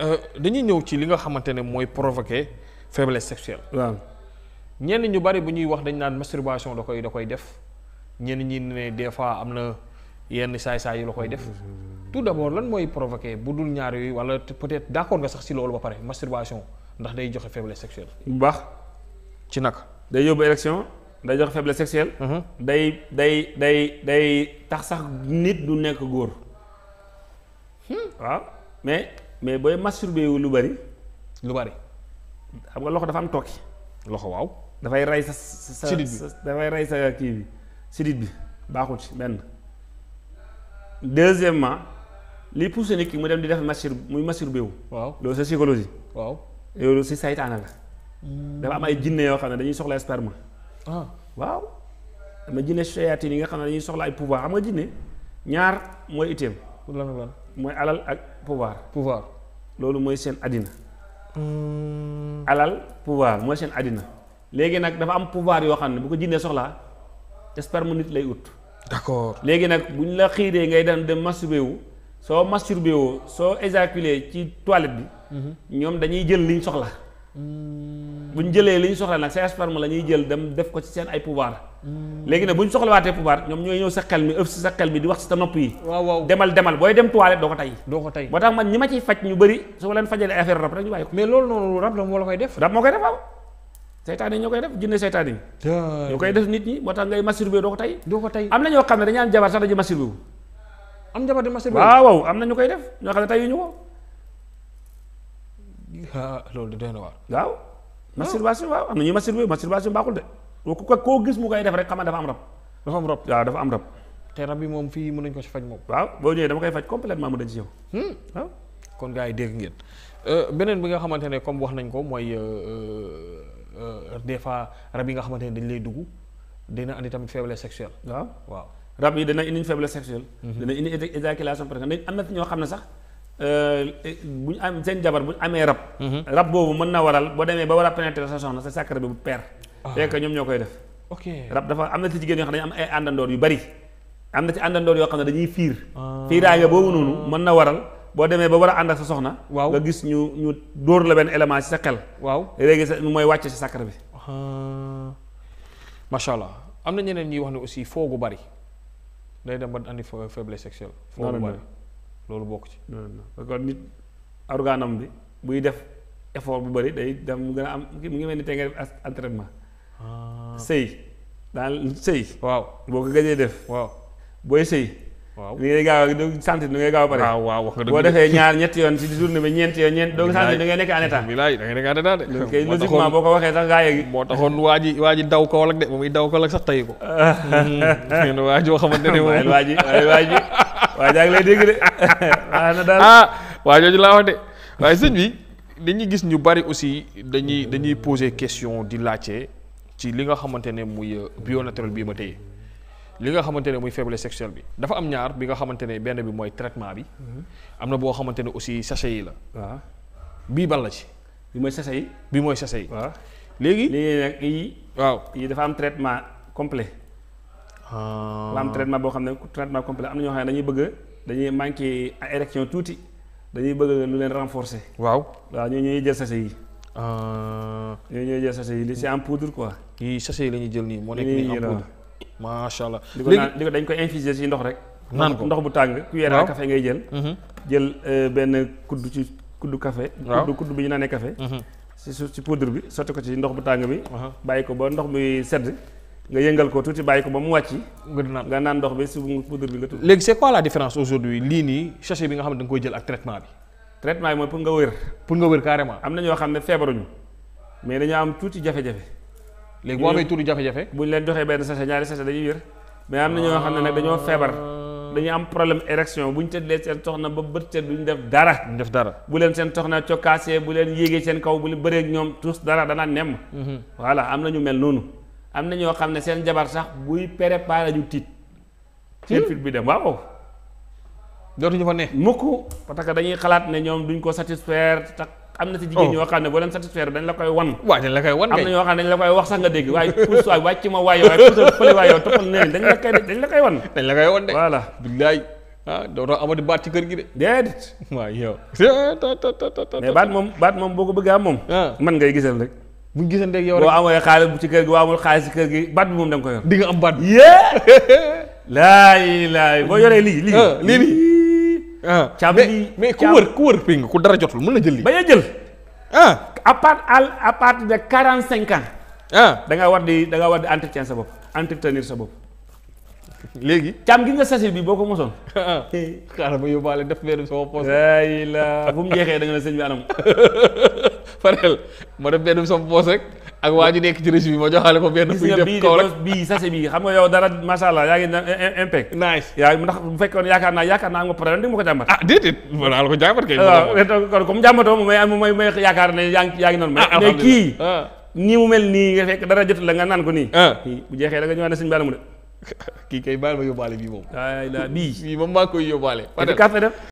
Euh, dañuy ñëw ci li nga xamante ne mooy provoquer faiblesse sexuelle. waaw ñenn ñu bari bu ñuy wax dañ naan masturbation da koy da koy def ñenn ñi ne des fois am na yenn saay-saay yu la koy def tout d'abord lan mooy provoquer bu dul ñaar yooyu wala peut-être d'accord nga sax ci loolu ba pare masturbation ndax day joxe faiblesse sexuelle. bu baax ci naka. day yóbbu érection day joxe faiblesse sexuelle. Mhm. day day day day tax sax nit du nekk góor. Hmm. waaw mais booy masturbé wu lu bari. lu bari. xam nga loxo dafa am tokki loxo waaw. dafay ray sa sa sa dafay ray sa kii bi sidit bi baaxul ci benn. deuxièmement li poussé nit ki mu dem di def mastur muy masturbé wu. waaw loolu sa psychologie. waaw loolu si saytaana la. Hmm. dafa am ay jinne yoo xam ne dañuy soxla sperme. ah waaw. dama jinne shayatin yi nga xam ne dañuy soxla ay pouvoir xam nga jinne ñaar mooy itéem. mooy alal ak pouvoir. pouvoir loolu mooy seen àddina hmm. alal pouvoir mooy seen àddina léegi nag dafa am pouvoir yoo xam ne bu ko jinnee soxla te sperme nit lay ut d'accord léegi nag bu ñu la xiiree ngay dem dem masturbé wu soo masturbé woo soo éjaculé ci toilette bi mm-hmm. ñoom dañuy jël liñ soxla hmm. bu jëlee liñ soxla nag seen sperme la ñuy jël dem def ko ci seen ay pouvoir léegi nag bu ñu soxlawaatee pouvoir ñoom ñooy ñëw sa xel mi ëf si sa xel mi di wax si sa nopp yi waaw waaw demal demal booy dem toilette doo ko tey doo moo tax man ñi ma ciy faj ñu bëri su ma leen fajalee affaire rab ñu bàyyi ko mais loolu noonu rab la moo la koy def rab moo koy def waaw seytaan yi ñoo koy def jinne seytaan yi ñoo koy def nit ñi moo tax ngay masturbé doo ko tey doo ko tey am na ñoo xam ne dañu am jabar sax dañu masturbé wu am jabar di masturbé waaw waaw am na ñu koy def ñoo xam ne tey ñu ko loolu de doy na waar waaw ah. masturbation waaw am na ñuy masturbé masturbation ku ko koo gis mu koy def rek xam dafa am rab dafa am rab waaw dafa am rab. te rab bi moom fii mun nañ ko si faj moom. waaw boo ñëwee dama koy faj complètement mu dañ si yow. Hmm. waaw kon gars yi dégg ngeen euh, beneen bi nga xamante ne comme wax nañ ko mooy euh, euh, des fois rab yi nga xamante ne dañ lay dugg dina andi tamit faiblesse sexuelle. waaw waaelle rab yi dana indi faiblesse sexuelle. Mhm. dana indi éjaculation précoce am na ñoo xam ne sax. bu ñu am seen jabar bu ñu amee rab. Mhm. rab boobu mën na boo demee ba war a sa soxna bien ah. que ñoom ñoo koy def. ok rab dafa am na ci jigéen yoo xam ne am ay àndandoor yu bari am na ci àndandoor yoo xam ne dañuy fiir. Ah. fiiraange boobu noonu mën na waral boo demee ba war a ànd ak sa soxna. waaw nga gis ñu ñu dóor la benn élément ci sa xel. waaw léegi sa mooy wàcce ci sàkkar bi. Ah. macha allah am na ñeneen ñuy wax ne aussi foogu bari day dem ba andi faiblesse sexuelle. foogu bari loolu bokk ci. parce que nit organam bi buy def effort bu bari day dem mu a am mu ngi mel ni tey nga def Ah. sëy daal sëy waaw boo ko gëjee def waaw booy sëy waaw li ngay gaaw a sentir li ngay gaaw a waaw wax nga dëgg boo defee ñaar ñetti yoon ci journée bi ñeenti yoon ñeent doo sentir da ngay nekk en état bilaay da ngay nekk en de waxee sax gaa yi moo taxoon waa ji waa ji daw Kaolack de ba muy daw Kaolack sax tayi ko ngeen hmm, waa joo xamante ne moom waa ji waa ji waa jaa ngi lay dégg de na ah waa jooju laa wax de waaye sëñ bi dañuy gis ñu bari aussi dañuy dañuy poser question di laajte ci li nga xamante ne muy euh, bio naturel bii ma téye li nga xamante ne muy faiblesse sexuelle bi dafa am ñaar bi nga xamante ne benn bi mooy traitement bi mm-hmm. am na boo xamante ne aussi sachet la. waaw ah. bii ban la ci. bi mooy sachet yi. bi mooy sachet yi. waaw ah. léegi. léegi nag yii. waaw yii dafa am traitement complet. Ah. dafa am boo xam ne traitement complet am na ñoo xam ne dañuy bëgg dañuy manqué érection tuuti dañuy bëgg lu leen renforcer. waaw waaw ñoo ñuy jël sachet yi. Euh, yooyu ñooy jël sachet yi li c'est en poudre quoi. yii yi la ñuy jël nii moo nekk nii en poudre. macha allah di ko naan di ko dañ koy infuser ci ndox ko ndox bu tàng. waaw cuillère à café ngay jël. Mhm. jël euh, benn kuddu ci kuddu café. waaw kuddu kuddu bi ñu mhm. poudre bi sotti ko ci ndox bu tàng bi. bàyyi ko ba ndox bi sedd. nga yëngal ko tuuti bàyyi ko ba mu wàcc. nga naan ndox bi si poudre bi nga tudd. léegi c'est quoi différence aujourd'hui lii nii sachet bi nga xam ne da nga jël ak traitement bi. traitement yi mooy pour nga wér. pour nga wér carrément. am na ñoo xam ne feebaruñu mais dañoo am tuuti jafe-jafe. léegi boo amee tuuti jafe-jafe. bu ñu leen joxee benn sachet ñaari sachet dañuy wér. mais am na ñoo xam ne nag dañoo feebar. dañuy am problème érection bu ñu tëddee seen soxna ba bët set duñ def dara. def dara bu leen seen soxna cokkaasee bu leen yéegee seen kaw bu ñu bëree ñoom tous dara dana nemm. Mhm. voilà am na ñu mel noonu. am na ñoo xam ne seen jabar sax buy préparé ñu tiit. seen hmm? fit bi dem waaw. dootuñu fa ne mukk parce que dañuy xalaat ne ñoom duñ ko satisfaire tax am na si jigéen oh. ñoo xam ne boo leen satisfaire dañ la koy wan waaw dañ la koy wan am na ñoo xam ne dañ la koy la koy dañ la koy wan dañ la koy wan de voilà billaay ah dootoo amati moom baat moom boo ko bëggee am moom ah. man ngay gisal rek bu ñu gisante ak yow rek boo amee xaalis bu ci gi boo amul lii lii ah, lii Ah. caabi bi mais ku wër ku wër péng ku dara jotul mën na jël lii. bañ a jël. ah à part à à partir de quarante cinq ans. ah da nga war di da nga war di entretien sa bopp entretenir sa bopp. léegi caam gi nga sachet bi boo ko mosoon. Eh, xaaral ma yóbbaale def benn sama poos. ay la bu mu jeexee da nga ne sëñ bi anam. Farel ma def benn sama poos rek ak waa ji nekk ci région bi ma joxaale ko benn. buy def kaw bii sachet bi xam nga yow dara macha allah yaa ngi na impec. nice yaa ndax bu fekkoon yaakaar naa yaakaar naa ko jàmbat. Ah, ko jàmbat kay. waaw ah, kon comme jàmbatoo moom may may yaakaar ne yaa ngi yaa ah, kii nii mu mel nii nga fekk dara jot la nga naan ko nii. bu jeexee da nga ñëwaat ne sëñ bi anam de kii kay bàyyi ma yóbbaale bii moom. bii moom maa koy yóbbaale.